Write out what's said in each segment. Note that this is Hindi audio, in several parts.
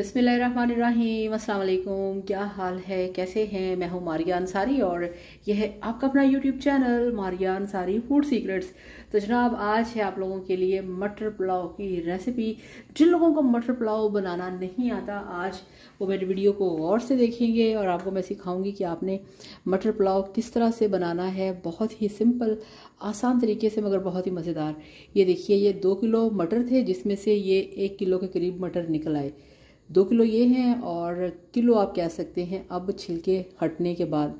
अस्सलाम वालेकुम क्या हाल है कैसे हैं मैं हूँ मारिया अंसारी और यह है आपका अपना YouTube channel Maria Ansari food secrets तो जनाब आज है आप लोगों के लिए मटर पुलाव की रेसिपी जिन लोगों को मटर पुलाव बनाना नहीं आता आज वो मेरे वीडियो को गौर से देखेंगे और आपको मैं सिखाऊंगी कि आपने मटर पुलाव किस तरह से बनाना है बहुत ही सिंपल आसान तरीके से मगर बहुत ही मज़ेदार ये देखिए ये दो किलो मटर थे जिसमें से ये एक किलो के करीब मटर निकल आए दो किलो ये हैं और किलो आप कह सकते हैं अब छिलके हटने के बाद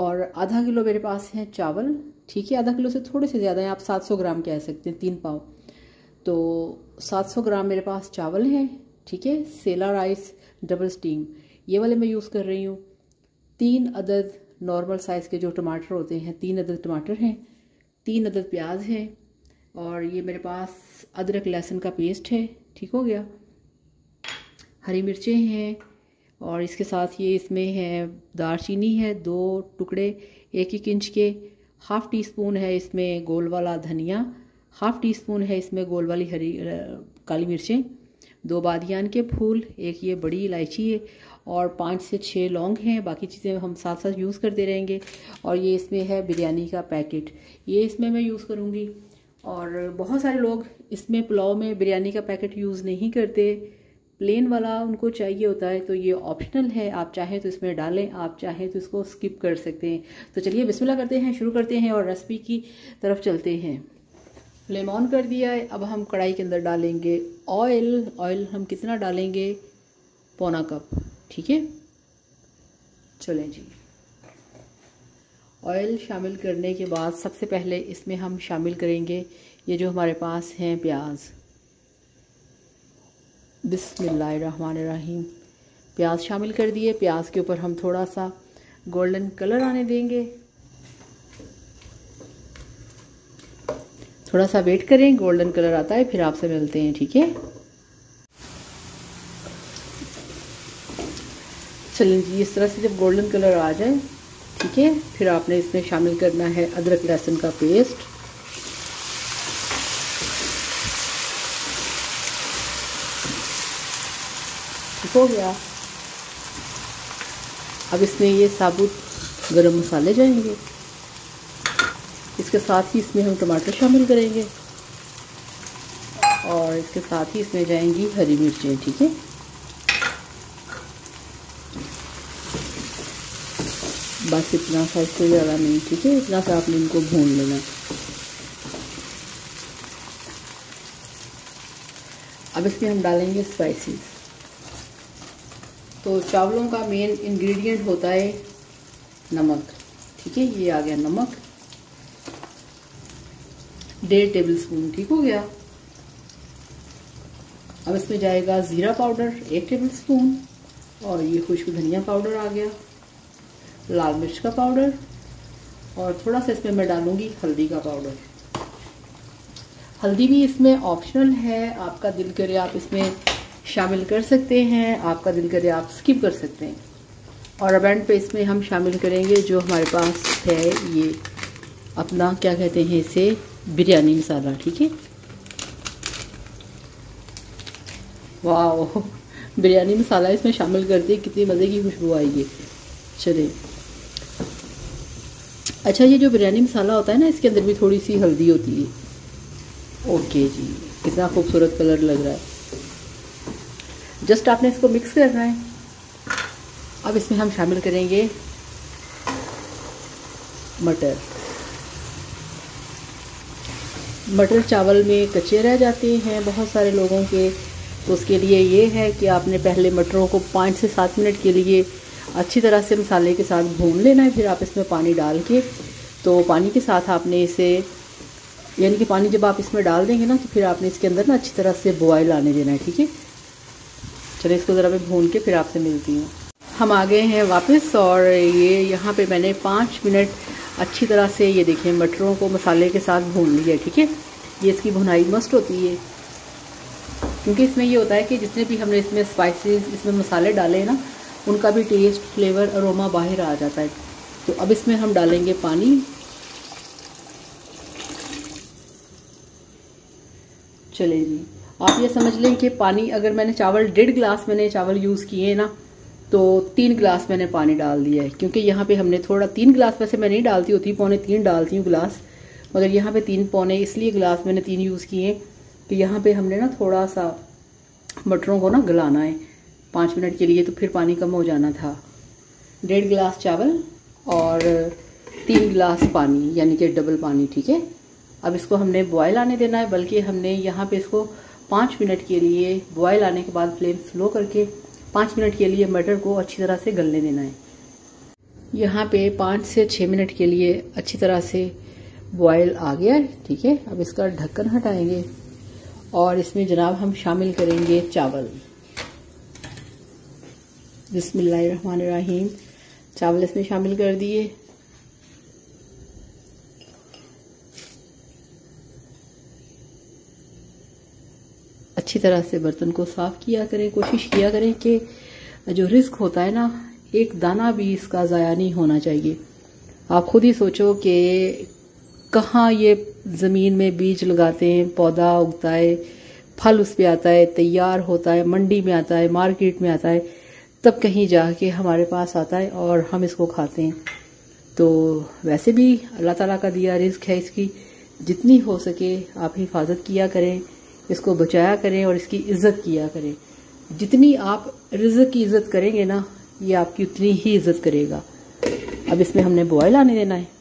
और आधा किलो मेरे पास हैं चावल ठीक है आधा किलो से थोड़े से ज़्यादा हैं आप 700 ग्राम कह सकते हैं तीन पाव तो 700 ग्राम मेरे पास चावल हैं ठीक है सेला राइस डबल स्टीम ये वाले मैं यूज़ कर रही हूँ तीन अदद नॉर्मल साइज़ के जो टमाटर होते हैं तीन अदद टमाटर हैं तीन अदद प्याज हैं और ये मेरे पास अदरक लहसुन का पेस्ट है ठीक हो गया हरी मिर्चें हैं और इसके साथ ये इसमें है दारचीनी है दो टुकड़े एक एक इंच के हाफ़ टी स्पून है इसमें गोल वाला धनिया हाफ़ टी स्पून है इसमें गोल वाली हरी काली मिर्चें दो बादियान के फूल एक ये बड़ी इलायची है और पाँच से छः लौंग हैं बाकी चीज़ें हम साथ साथ यूज़ करते रहेंगे और ये इसमें है बिरयानी का पैकेट ये इसमें मैं यूज़ करूँगी और बहुत सारे लोग इसमें पुलाव में बिरयानी का पैकेट यूज़ नहीं करते प्लेन वाला उनको चाहिए होता है तो ये ऑप्शनल है आप चाहें तो इसमें डालें आप चाहें तो इसको स्किप कर सकते हैं तो चलिए बिस्मिल्लाह करते हैं शुरू करते हैं और रेसिपी की तरफ चलते हैं फ्लेम ऑन कर दिया है अब हम कढ़ाई के अंदर डालेंगे ऑयल ऑयल हम कितना डालेंगे पौना कप ठीक है चलें जी ऑयल शामिल करने के बाद सबसे पहले इसमें हम शामिल करेंगे ये जो हमारे पास हैं प्याज़ बिसमीम प्याज शामिल कर दिए प्याज के ऊपर हम थोड़ा सा गोल्डन कलर आने देंगे थोड़ा सा वेट करें गोल्डन कलर आता है फिर आपसे मिलते हैं ठीक है चलें जी इस तरह से जब गोल्डन कलर आ जाए ठीक है फिर आपने इसमें शामिल करना है अदरक लहसुन का पेस्ट हो गया अब इसमें ये साबुत गरम मसाले जाएंगे इसके साथ ही इसमें हम टमाटर शामिल करेंगे और इसके साथ ही इसमें जाएंगी हरी मिर्चें ठीक है बस इतना सा इससे ज़्यादा नहीं ठीक है इतना सा आपने इनको भून लेना अब इसमें हम डालेंगे स्पाइसेस तो चावलों का मेन इंग्रेडिएंट होता है नमक ठीक है ये आ गया नमक डेढ़ टेबल स्पून ठीक हो गया अब इसमें जाएगा ज़ीरा पाउडर एक टेबल स्पून और ये खुशबू धनिया पाउडर आ गया लाल मिर्च का पाउडर और थोड़ा सा इसमें मैं डालूंगी हल्दी का पाउडर हल्दी भी इसमें ऑप्शनल है आपका दिल करे आप इसमें शामिल कर सकते हैं आपका दिल करे आप स्किप कर सकते हैं और अब एंड पे इसमें हम शामिल करेंगे जो हमारे पास है ये अपना क्या कहते हैं इसे बिरयानी मसाला ठीक है वाह बिरयानी मसाला इसमें शामिल कर दी कितनी मज़े की खुशबू आएगी चलिए अच्छा ये जो बिरयानी मसाला होता है ना इसके अंदर भी थोड़ी सी हल्दी होती है ओके जी कितना खूबसूरत कलर लग रहा है जस्ट आपने इसको मिक्स करना है अब इसमें हम शामिल करेंगे मटर मटर चावल में कच्चे रह जाते हैं बहुत सारे लोगों के तो उसके लिए ये है कि आपने पहले मटरों को पाँच से सात मिनट के लिए अच्छी तरह से मसाले के साथ भून लेना है फिर आप इसमें पानी डाल के तो पानी के साथ आपने इसे यानी कि पानी जब आप इसमें डाल देंगे ना तो फिर आपने इसके अंदर ना अच्छी तरह से बॉयल आने देना है ठीक है चलो इसको ज़रा मैं भून के फिर आपसे मिलती हूँ हम आ गए हैं वापस और ये यहाँ पे मैंने पाँच मिनट अच्छी तरह से ये देखिए मटरों को मसाले के साथ भून लिया ठीक है ये इसकी भुनाई मस्त होती है क्योंकि इसमें ये होता है कि जितने भी हमने इसमें स्पाइसेस इसमें मसाले डाले ना उनका भी टेस्ट फ्लेवर अरोमा बाहर आ जाता है तो अब इसमें हम डालेंगे पानी चले जी आप ये समझ लें कि पानी अगर मैंने चावल डेढ़ गिलास मैंने चावल यूज़ किए ना तो तीन गिलास मैंने पानी डाल दिया है क्योंकि यहाँ पे हमने थोड़ा तीन गिलास वैसे मैं नहीं डालती होती पौने तीन डालती हूँ गिलास मगर यहाँ पे तीन पौने इसलिए गिलास मैंने तीन यूज़ किए कि यहाँ पे हमने ना थोड़ा सा मटरों को ना गलाना है पाँच मिनट के लिए तो फिर पानी कम हो जाना था डेढ़ गिलास चावल और तीन गिलास पानी यानी कि डबल पानी ठीक है अब इसको हमने बॉयल आने देना है बल्कि हमने यहाँ पे इसको पाँच मिनट के लिए बॉयल आने के बाद फ्लेम स्लो करके पाँच मिनट के लिए मटर को अच्छी तरह से गलने देना है यहाँ पे पाँच से छः मिनट के लिए अच्छी तरह से बॉयल आ गया है ठीक है अब इसका ढक्कन हटाएंगे और इसमें जनाब हम शामिल करेंगे चावल बिस्मिल्लाहिर्रहमानिर्रहीम चावल इसमें शामिल कर दिए अच्छी तरह से बर्तन को साफ किया करें कोशिश किया करें कि जो रिस्क होता है ना एक दाना भी इसका ज़ाया नहीं होना चाहिए आप खुद ही सोचो कि कहाँ ये ज़मीन में बीज लगाते हैं पौधा उगता है फल उस पर आता है तैयार होता है मंडी में आता है मार्केट में आता है तब कहीं जाके हमारे पास आता है और हम इसको खाते हैं तो वैसे भी अल्लाह ताला का दिया रिस्क है इसकी जितनी हो सके आप हिफाजत किया करें इसको बचाया करें और इसकी इज्जत किया करें जितनी आप रिजक की इज्जत करेंगे ना ये आपकी उतनी ही इज्जत करेगा अब इसमें हमने बॉयल आने देना है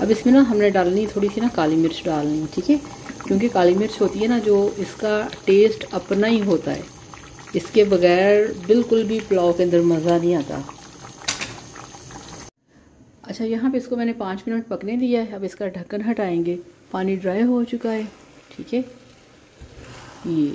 अब इसमें ना हमने डालनी थोड़ी सी ना काली मिर्च डालनी है ठीक है क्योंकि काली मिर्च होती है ना जो इसका टेस्ट अपना ही होता है इसके बगैर बिल्कुल भी पुलाव के अंदर मज़ा नहीं आता अच्छा यहाँ पे इसको मैंने पाँच मिनट पकने दिया है अब इसका ढक्कन हटाएंगे पानी ड्राई हो चुका है ठीक है ये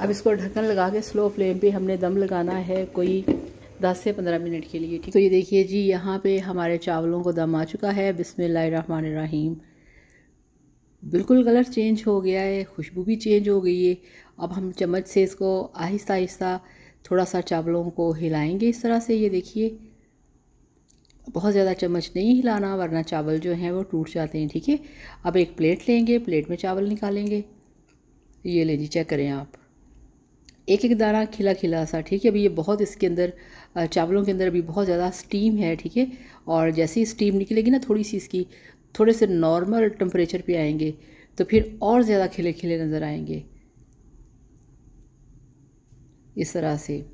अब इसको ढक्कन लगा के स्लो फ्लेम पे हमने दम लगाना है कोई 10 से 15 मिनट के लिए ठीक तो ये देखिए जी यहाँ पे हमारे चावलों को दम आ चुका है रहीम बिल्कुल कलर चेंज हो गया है खुशबू भी चेंज हो गई है अब हम चम्मच से इसको आहिस्ता आहिस्ता थोड़ा सा चावलों को हिलाएंगे इस तरह से ये देखिए बहुत ज़्यादा चम्मच नहीं हिलाना वरना चावल जो हैं वो टूट जाते हैं ठीक है अब एक प्लेट लेंगे प्लेट में चावल निकालेंगे ये ले जी चेक करें आप एक एक दाना खिला खिला सा ठीक है अभी ये बहुत इसके अंदर चावलों के अंदर अभी बहुत ज़्यादा स्टीम है ठीक है और जैसे ही स्टीम निकलेगी ना थोड़ी सी इसकी थोड़े से नॉर्मल टेम्परेचर पे आएंगे तो फिर और ज़्यादा खिले खिले नज़र आएंगे इस तरह से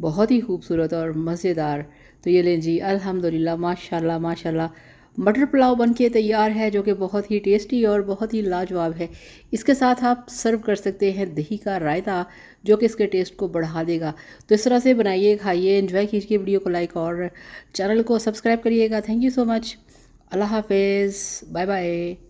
बहुत ही खूबसूरत और मज़ेदार तो ये लें जी अलहमदिल्ला माशाल्लाह माशाल्लाह मटर पुलाव बनके तैयार है जो कि बहुत ही टेस्टी और बहुत ही लाजवाब है इसके साथ आप सर्व कर सकते हैं दही का रायता जो कि इसके टेस्ट को बढ़ा देगा तो इस तरह से बनाइए खाइए इन्जॉय कीजिए वीडियो को लाइक और चैनल को सब्सक्राइब करिएगा थैंक यू सो मच अल्लाह हाफिज़ बाय बाय